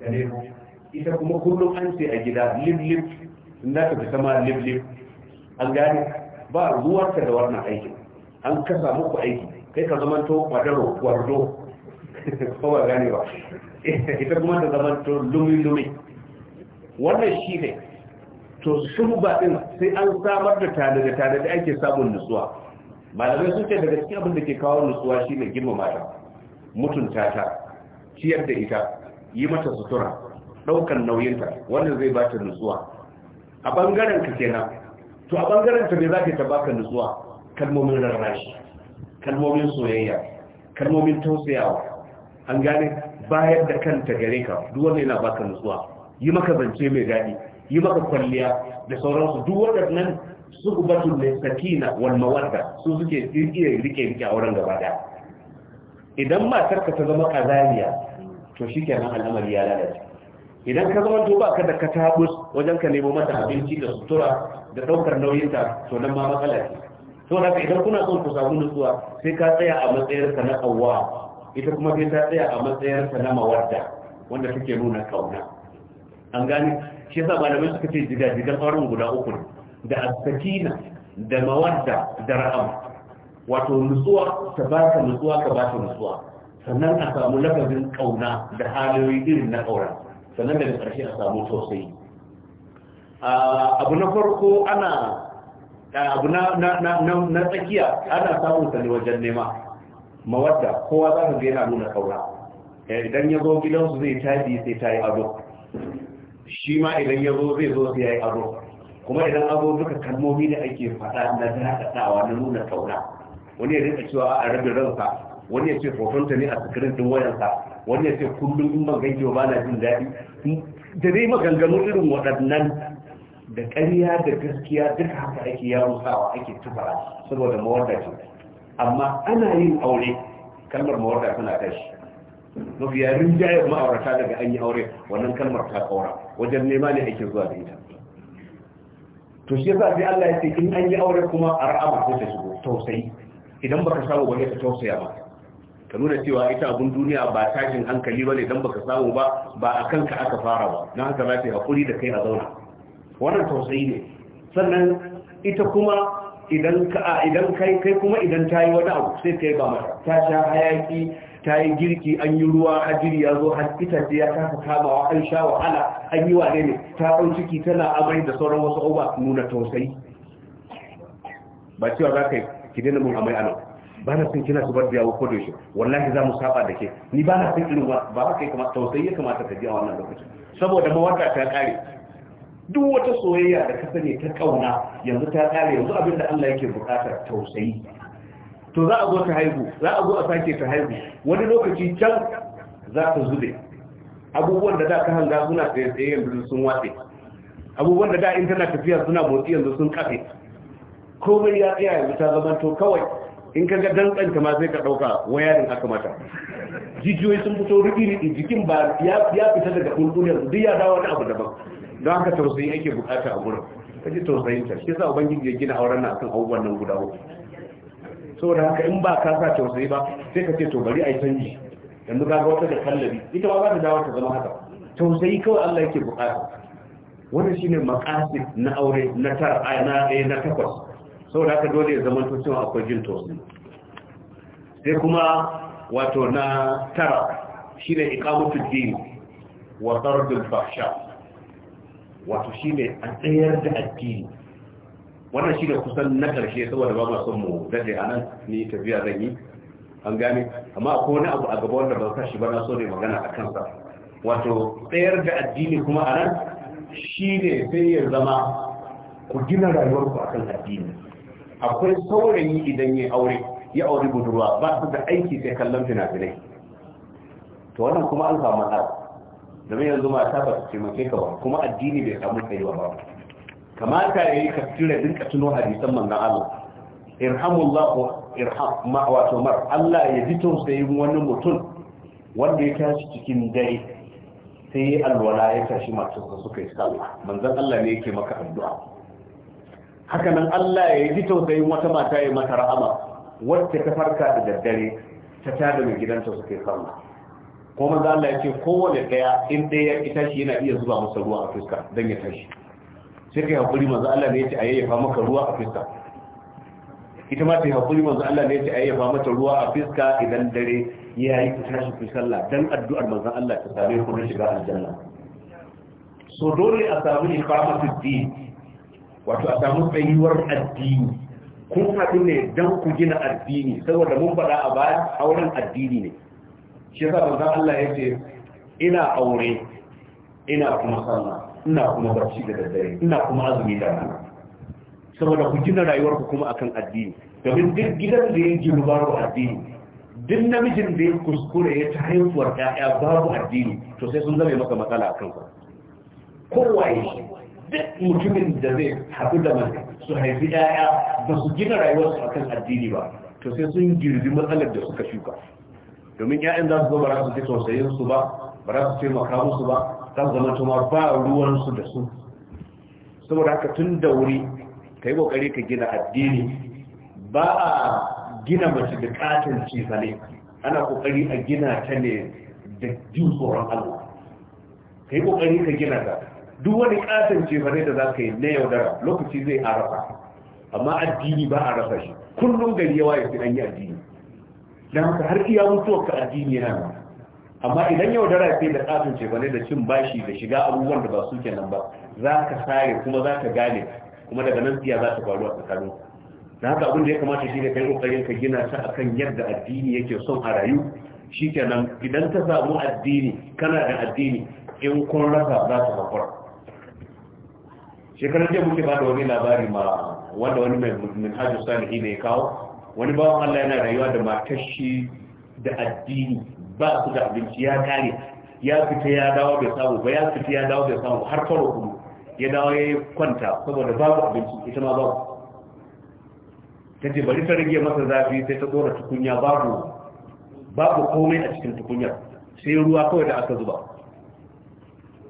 gare mu ita kuma kullum an ce a gida lip lip na ka fita ma lip an gane ba ruwarka da wannan aikin an kasa muku aiki kai ka to kwadaro kwardo kowa ba gane ba ita kuma ta to lumi-lumi wannan shi ne to ba din sai an samar da tare da tare da ake samun nutsuwa malamai sun ce daga cikin abin da ke kawo nutsuwa shi ne girmama ta mutunta ta ciyar da ita yi mata sutura ɗaukan nauyinta wannan zai ba ta nutsuwa a bangaren ka kenan to a bangaren ta ne za ta baka nutsuwa kalmomin rarrashi kalmomin soyayya kalmomin tausayawa an gane bayar da kanta gare ka duk wanda yana baka nutsuwa yi maka zance mai daɗi yi maka kwalliya da sauransu duk waɗannan batun ne sakina wal mawadda su suke iya rike rike a wurin gaba da idan matar ka ta zama kazaniya to shi nan al'amari ya lalace idan ka zama to baka da katabus wajen ka nemo mata abinci da sutura da daukar nauyinta to nan ma matsala ce to ka idan kuna son ku samu nutsuwa sai ka tsaya a matsayar ka na awwa ita kuma sai ta tsaya a matsayar ka na mawadda wanda take nuna kauna an gane shi yasa malamai suka ce jigajigan auren guda uku da as-sakina da mawadda da ra'am wato nutsuwa ta ba ka nutsuwa ka ba ta nutsuwa sannan a samu lafazin kauna da halayoyi irin na kauna sannan daga ƙarshe a samu tausayi abu na farko ana abu na tsakiya ana samun sa ne wajen nema mawadda kowa za ka ga yana nuna kaura eh, idan ya zo gidansu zai tafi sai ta yi ado shi ma idan ya zo zai zo sai ya yi ado kuma idan abu duka kalmomi da ake faɗa na daɗaɗawa na nuna kaura wani ya rinka cewa a rabin ransa wani ya ce hotonta ne a sikirin din wayansa wani ya ce kullum in ban ganke ba na jin daɗi da dai maganganu irin waɗannan da ƙarya da gaskiya duka haka ake yawon sawa ake tufara saboda mawarda ce amma ana yin aure kalmar mawarda tana tashi mafi yarin jayar ma'aurata daga an yi aure wannan kalmar ta kaura wajen nema ne ake zuwa da ita to shi yasa sai Allah ya ce in an yi aure kuma ar'ama ko ta shigo tausayi idan baka samu wani ta tausaya ba ka nuna cewa ita abun duniya ba tashin hankali ba ne don baka samu ba ba a kanka aka fara ba don haka za ta haƙuri da kai a zauna wannan tausayi ne sannan ita kuma idan ka idan kai kuma idan ta yi wani abu sai kai ba mata ta sha hayaki ta yi girki an yi ruwa hajiri ya zo har ce ya kasa kamawa an sha wahala an yi wane ne ta ɗau ciki tana amai da sauran wasu abubuwa nuna tausayi ba cewa za ka yi ki daina mun amai a ba na son kina zubar da yawo ko da shi wallahi za mu saba da ke ni ba na son irin ba ba haka ya kamata tausayi ya kamata ka ji a wannan lokacin saboda mawarka ta kare duk wata soyayya da ka sani ta kauna yanzu ta kare yanzu abin da Allah yake bukatar tausayi to za a zo ta haihu za a zo a sake ta haihu wani lokaci can za ta zube abubuwan da da ka hanga suna tsaye tsaye yanzu sun watse abubuwan da da in tana tafiya suna motsi yanzu sun kafe komai ya tsaya yanzu ta zama to kawai in ka ga dantsanta ma sai ka ɗauka wayarin aka mata jijiyoyi sun fito riɗi-riɗi jikin ba ya fita daga kulkuliyar duk ya dawo wani abu daban don haka tausayi ake bukata a gurin ka tausayin ta shi sa ubangiji ya gina auren na akan abubuwan nan guda uku saboda haka in ba ka sa tausayi ba sai ka ce to bari a yi canji yanzu ka ga wata da kallabi ita ma za ta dawo ta zama haka tausayi kawai Allah yake bukata wannan shine maqasid na aure na tar na eh, na takwas saboda haka dole ya zama cewa akwai jin tausayi sai kuma wato na tara shine ikamutu jini wa tardul fasha wato shine a tsayar da addini wannan shine kusan na karshe saboda ba masu mu daɗe a nan ni tafiya zan yi an gane amma ko wani abu a gaba wanda ban sa shi ba na so ne magana a kansa wato tsayar da addini kuma a shi shine sai ya zama ku gina rayuwarku akan addini akwai saurayi idan ya aure ya aure budurwa ba su da aiki sai kallon fina-finai to wannan kuma an samu domin yanzu mata ba su taimake ka ba kuma addini bai samu tsayuwa ba kamata ya yi kafira dinka tuno hadisan manzon Allah irhamullahu irham ma wato mar Allah ya ji sai wani mutum wanda ya tashi cikin dare sai alwala ya tashi matarsa suka yi sallah manzon Allah ne yake maka addu'a haka nan Allah ya yi tausayin wata mata ya mata rahama wacce ta farka da daddare ta tada da gidanta suke samu ko manzo Allah ya ce kowane daya in daya ya shi yana iya zuba masa ruwa a fuska dan ya tashi sai kai hakuri manzo Allah ne ya ce ya yayyafa maka ruwa a fuska ita ma ta hakuri manzo Allah ne ya ce ya yayyafa mata ruwa a fuska idan dare ya yi ta tashi ku sallah dan addu'ar manzo Allah ta same ku na shiga aljanna so dole a samu iqamatul din wato a samu tsayuwar addini kun haɗu ne don ku gina addini saboda mun faɗa a baya auren addini ne shi yasa manzo Allah ya ce ina aure ina kuma sallah ina kuma barci da daddare ina kuma azumi da rana saboda ku gina rayuwar ku kuma akan addini domin duk gidan da ya gina babu addini duk namijin da ya kuskure ya ta haihuwar ya babu addini to sai sun zama maka matsala a kansa kowaye duk mutumin da zai haɗu da mai su haifi ɗaya ba su gina rayuwarsu akan addini ba to sai sun girbi matsalar da suka shuka domin 'ya'yan za su zo ba za su ji tausayin su ba ba za su taimaka musu ba za su zama tuma ba ruwan su da su saboda haka tun da wuri ka yi kokari ka gina addini ba a gina mace da katin cifa ne ana kokari a gina ta ne da jin tsoron allah ka yi kokari ka gina ta duk wani katon cefane da za ka yi na yaudara lokaci zai arafa amma addini ba a rasa shi kullum gari yawa ya fi an yi addini da haka har iya mutuwar ka addini yana nan amma idan yaudara sai da katon cefane da cin bashi da shiga abubuwan da ba su kenan ba za ka sare kuma za ka gane kuma daga nan tsiya za ta faru a tsakanin da haka abin da ya kamata shi ne kai kokarin ka gina ta akan yadda addini yake son a rayu Shi shikenan idan ka samu addini kana da addini in kun rasa za ta haƙura shekarar jiya muke bada wani labari ma wanda wani mai mutumin hajji salihi ne kawo wani bawan Allah yana rayuwa da matar shi da addini ba su da abinci ya kare ya fita ya dawo bai samu ba ya fita ya dawo bai samu har karo kuma ya dawo ya kwanta saboda babu abinci ita ma babu ta ce bari ta rage masa zafi sai ta tsora tukunya babu babu komai a cikin tukunyar sai ruwa kawai da aka zuba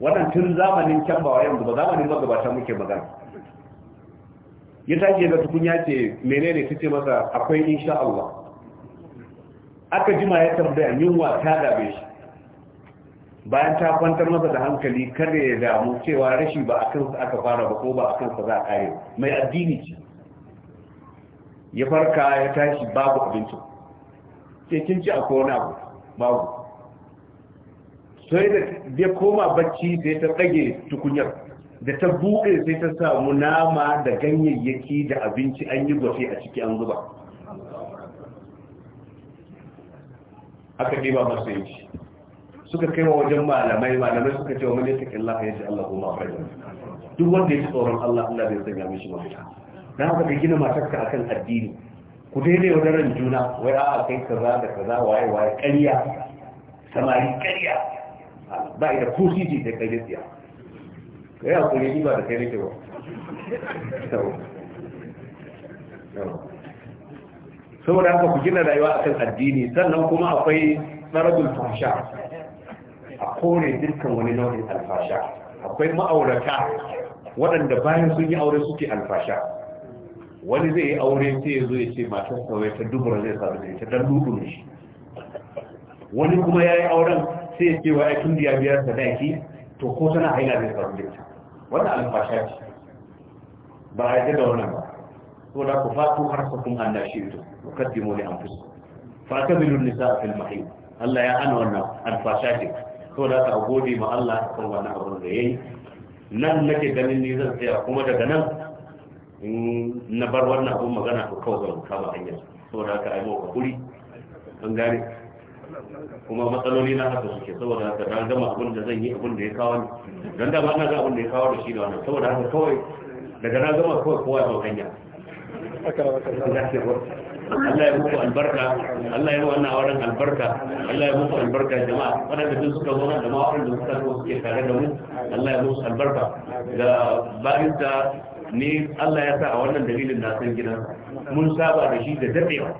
wannan tun zamanin can ba yanzu ba zamanin magabata muke magana ya tashi ga ya ce menene ta ce masa akwai insha Allah aka jima ya tambaya yunwa ta dabe shi bayan ta kwantar masa da hankali kada ya damu cewa rashi ba a kansa aka fara ba ko ba a kansa za a kare mai addini ce ya farka ya tashi babu abinci sai kin ci akwai wani abu babu sai da ya koma bacci sai ta tsage tukunyar da ta buɗe sai ta samu nama da ganyayyaki da abinci an yi gwafe a ciki an zuba aka ɗiba masu yanki suka kai wa wajen malamai malamai suka ce wa mani ta killa ya ce Allah kuma a duk wanda ya ci tsoron Allah Allah bai sanya mishi mafita na haka ka gina matarka akan addini ku daidai wajen ran juna wai a kai kaza da kaza waye waye kariya samari kariya ba ida ko sisi sai kai gaskiya kai hakuri ni ba da kai nake ba saboda haka ku gina rayuwa akan addini sannan kuma akwai tsarabul fasha a kore dukkan wani nau'in alfasha akwai ma'aurata waɗanda bayan sun yi aure suke alfasha wani zai yi aure sai ya zo ya ce matar sauye ta dubura zai sa da ta dan dubu ne shi wani kuma ya yi auren sai ya ce wa ya tun biya biyar da daki to ko tana haila zai faru da ita wannan alfasha ce ba a yi da wannan ba ko da ku fatu har ku kun Allah shi to ku kaddimu li anfusikum fa nisa a filma mahid Allah ya hana wannan alfasha ce ko da ka gode ma Allah kan wannan abin da yayi nan nake ganin ni zan tsaya kuma daga nan na bar wannan abin magana ko kawai zan kama hanyar saboda haka ai mu hakuri an gane kuma matsaloli na haka suke saboda haka na gama abin da zan yi abin da ya kawo ni don dama na ga abin da ya kawo da shi da wannan saboda haka kawai daga na gama kawai kowa ya hau hanya Allah ya muku albarka Allah ya wannan auren albarka Allah ya muku albarka jama'a waɗanda duk suka zo da ma waɗanda suka zo suke tare da mu Allah ya muku albarka ga bayan da ni Allah ya sa a wannan dalilin na san gidansa mun saba da shi da dadewa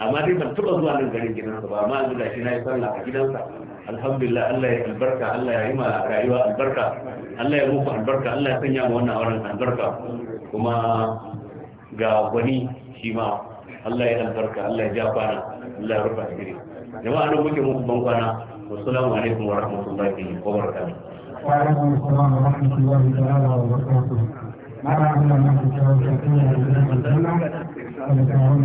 amma dai ban taba zuwa nan garin gidansa ba amma yanzu gashi na yi sallah a gidansa alhamdulillah Allah ya albarka Allah ya yi ma rayuwa albarka Allah ya muku albarka Allah ya sanya mu wannan auren albarka kuma ga gwani shi ma Allah ya albarka Allah ya ja kwana Allah ya rufa asiri jama'a nan muke muku ban kwana wassalamu alaikum wa rahmatullahi wa barakatuh wa alaikum assalam wa rahmatullahi wa barakatuh ما أعلم أنك تتوقع في الجنة